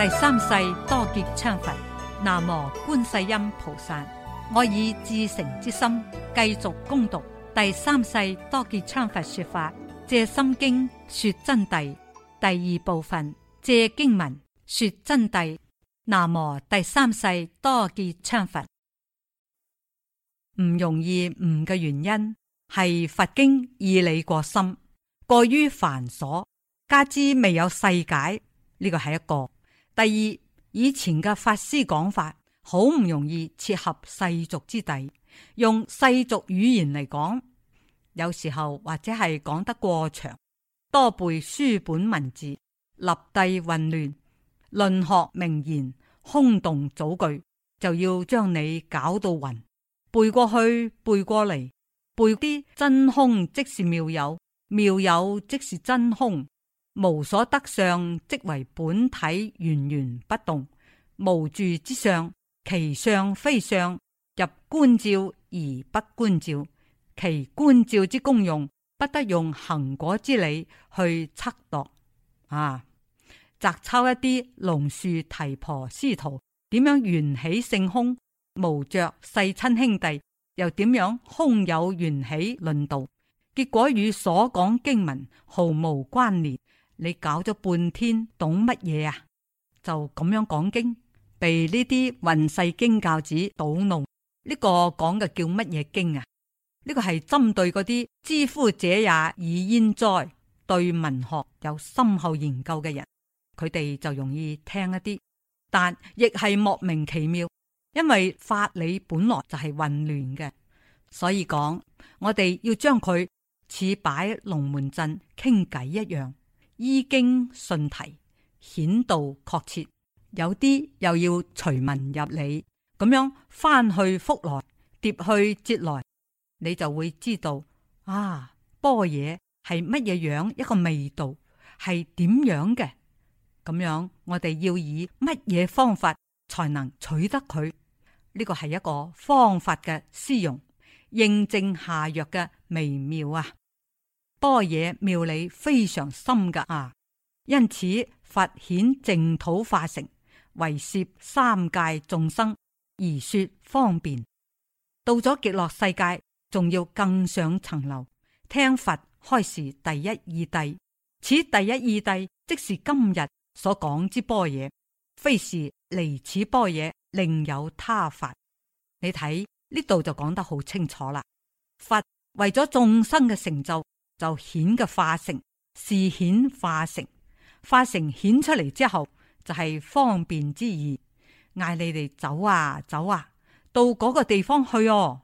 第三世多杰羌佛，南無觀世音菩薩。我以至誠之心繼續攻讀第三世多杰羌佛說法，借心經說真諦第二部分，借經文說真諦。南無第三世多杰羌佛，唔容易悟嘅原因係佛經義理過深，過於繁瑣，加之未有細解，呢、這個係一個。第二，以前嘅法師講法，好唔容易切合世俗之地，用世俗語言嚟講，有時候或者係講得過長，多背書本文字，立地混亂，論學名言，空洞組句，就要將你搞到暈，背過去，背過嚟，背啲真空即是妙有，妙有即是真空。無所得相，即為本體源源不動；無住之相，其相非相。入觀照而不觀照，其觀照之功用，不得用行果之理去測度。啊，摘抄一啲龍樹、提婆、師徒點樣緣起性空，無着世親兄弟又點樣空有緣起論道，結果與所講經文毫無關聯。你搞咗半天，懂乜嘢啊？就咁樣講經，被呢啲運勢經教子搗弄。呢個講嘅叫乜嘢經啊？呢個係針對嗰啲知乎者也以焉哉對文學有深厚研究嘅人，佢哋就容易聽一啲，但亦係莫名其妙，因為法理本來就係混亂嘅，所以講我哋要將佢似擺龍門陣傾偈一樣。依經順題，顯度確切，有啲又要隨文入理，咁樣翻去覆來，疊去折來，你就會知道啊，波嘢係乜嘢樣，一個味道係點樣嘅，咁樣我哋要以乜嘢方法才能取得佢？呢個係一個方法嘅施用，應症下藥嘅微妙啊！波野妙理非常深噶啊，因此佛顯淨土化成，為攝三界眾生而說方便。到咗極樂世界，仲要更上層樓。聽佛開示第一義諦，此第一義諦，即是今日所講之般若，非是離此般若另有他法。你睇呢度就講得好清楚啦。佛為咗眾生嘅成就。就顯嘅化城，是顯化城，化城顯出嚟之後就係、是、方便之意。嗌你哋走啊走啊，到嗰個地方去哦，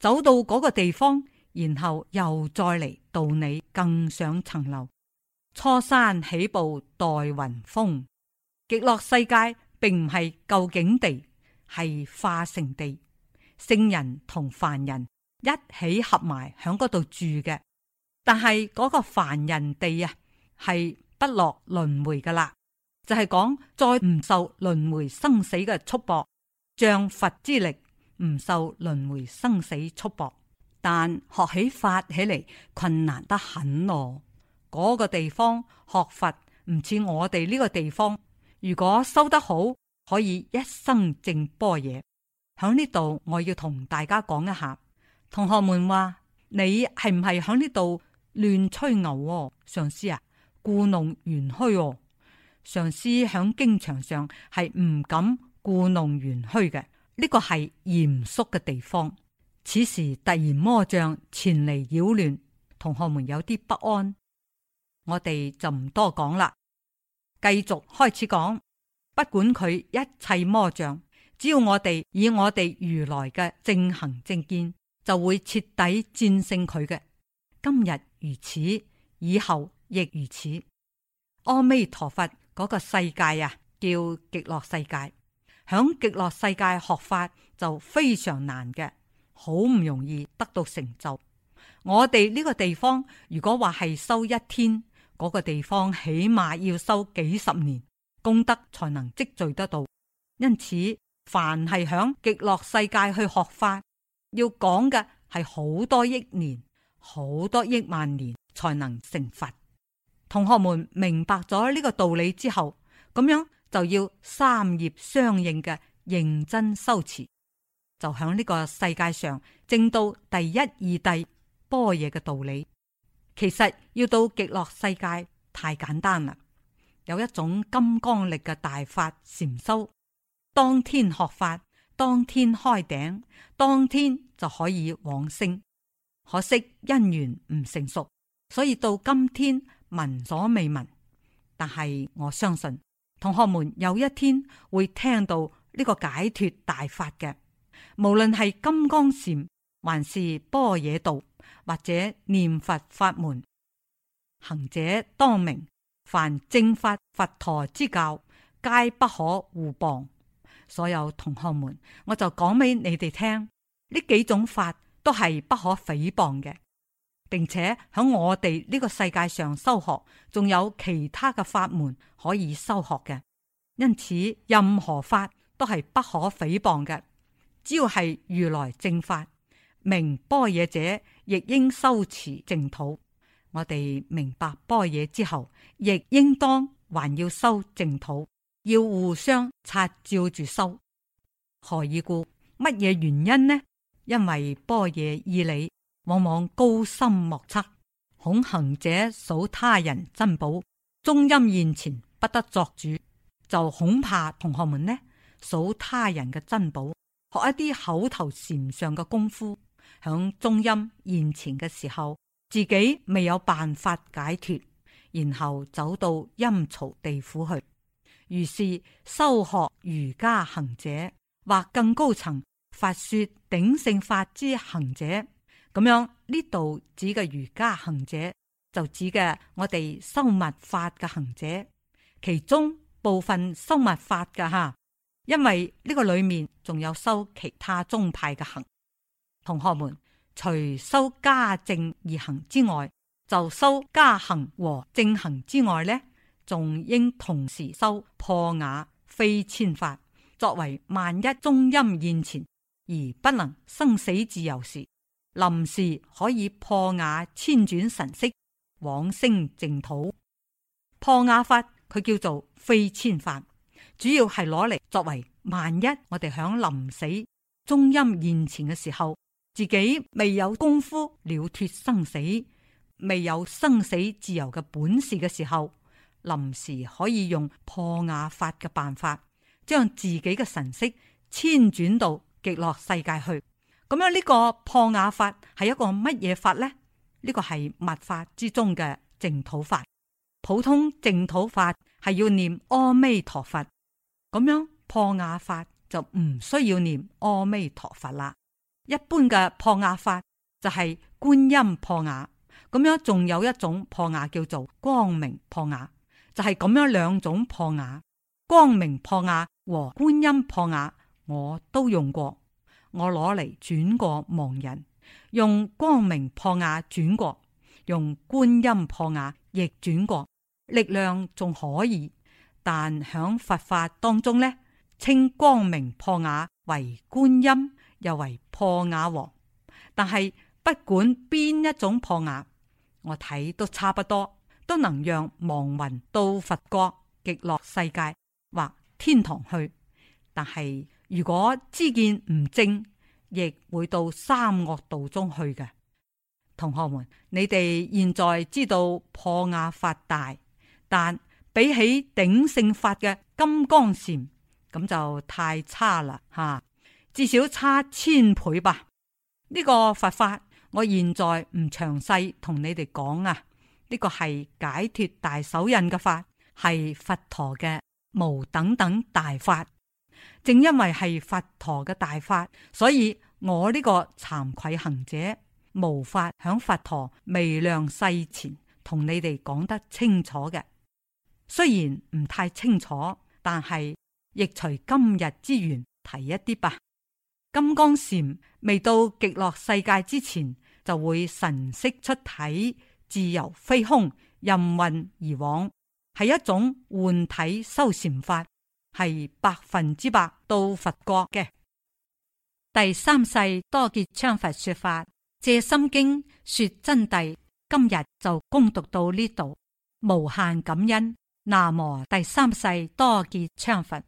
走到嗰個地方，然後又再嚟到你更上層樓。初山起步待雲峰，極樂世界並唔係究竟地，係化城地，聖人同凡人一起合埋喺嗰度住嘅。但係嗰個凡人地啊，係不落輪回噶啦，就係、是、講再唔受輪回生死嘅束縛，仗佛之力唔受輪回生死束縛。但學起法起嚟困難得很咯。嗰、那個地方學佛唔似我哋呢個地方，如果修得好，可以一生證般若。喺呢度我要同大家講一下，同學們話你係唔係喺呢度？亂吹牛、哦，上司啊，故弄玄虛、哦。上司喺經場上係唔敢故弄玄虛嘅，呢、這個係嚴肅嘅地方。此時突然魔障前嚟擾亂，同學們有啲不安，我哋就唔多講啦，繼續開始講。不管佢一切魔障，只要我哋以我哋如來嘅正行正見，就會徹底戰勝佢嘅。今日如此，以後亦如此。阿彌陀佛，嗰個世界啊，叫極樂世界。響極樂世界學法就非常難嘅，好唔容易得到成就。我哋呢個地方如果話係修一天，嗰個地方起碼要修幾十年，功德才能積聚得到。因此，凡係響極樂世界去學法，要講嘅係好多億年。好多億萬年才能成佛。同學們明白咗呢個道理之後，咁樣就要三業相應嘅認真修持，就響呢個世界上證到第一二諦般若嘅道理。其實要到極樂世界太簡單啦，有一種金剛力嘅大法禪修，當天學法，當天開頂，當天就可以往生。可惜因緣唔成熟，所以到今天聞所未聞。但係我相信同學們有一天會聽到呢個解脱大法嘅，無論係金剛禪還是波野道或者念佛法門，行者當明，凡正法佛陀之教，皆不可互謗。所有同學們，我就講俾你哋聽呢幾種法。都係不可誹謗嘅，並且喺我哋呢個世界上修學，仲有其他嘅法門可以修學嘅。因此，任何法都係不可誹謗嘅。只要係如來正法，明般若者亦應修持淨土。我哋明白般若之後，亦應當還要修淨土，要互相擦照住修。何以故？乜嘢原因呢？因為般若義理，往往高深莫測，恐行者數他人珍寶，中陰現前不得作主，就恐怕同學們呢數他人嘅珍寶，學一啲口頭禪上嘅功夫，響中陰現前嘅時候，自己未有辦法解脫，然後走到陰曹地府去。於是修學瑜伽行者或更高層。法說頂勝法之行者，咁樣呢度指嘅瑜伽行者，就指嘅我哋修密法嘅行者，其中部分修密法嘅哈，因為呢個裏面仲有修其他宗派嘅行。同學們除修加行而行之外，就修加行和正行之外呢，仲應同時修破瓦非遷法，作為萬一中陰現前。而不能生死自由時，臨時可以破瓦遷轉神識往生淨土。破瓦法佢叫做飛遷法，主要係攞嚟作為萬一我哋響臨死中陰現前嘅時候，自己未有功夫了脫生死，未有生死自由嘅本事嘅時候，臨時可以用破瓦法嘅辦法，將自己嘅神識遷轉到極落世界去，咁樣呢個破瓦法係一個乜嘢法呢？呢個係密法之中嘅淨土法。普通淨土法係要念阿彌陀佛，咁樣破瓦法就唔需要念阿彌陀佛啦。一般嘅破瓦法就係觀音破瓦，咁樣仲有一種破瓦叫做光明破瓦，就係、是、咁樣兩種破瓦：光明破瓦和觀音破瓦。我都用過，我攞嚟轉過亡人，用光明破瓦轉過，用觀音破瓦亦轉過，力量仲可以。但響佛法當中呢，稱光明破瓦為觀音，又為破瓦王。但係不管邊一種破瓦，我睇都差不多，都能讓亡魂到佛國極樂世界或天堂去。但係。如果知見唔正，亦會到三惡道中去嘅。同學們，你哋現在知道破瓦法大，但比起頂聖法嘅金剛禪，咁就太差啦吓、啊，至少差千倍吧。呢、這個佛法，我現在唔詳細同你哋講啊。呢、這個係解脫大手印嘅法，係佛陀嘅無等等大法。正因為係佛陀嘅大法，所以我呢個慚愧行者無法響佛陀未亮世前同你哋講得清楚嘅。雖然唔太清楚，但係亦隨今日之緣提一啲吧。金剛禪未到極樂世界之前，就會神識出體，自由飛空，任運而往，係一種換體修禪法。係百分之百到佛國嘅。第三世多杰羌佛說法，藉心經說真諦。今日就恭誦到呢度，無限感恩。南無第三世多杰羌佛。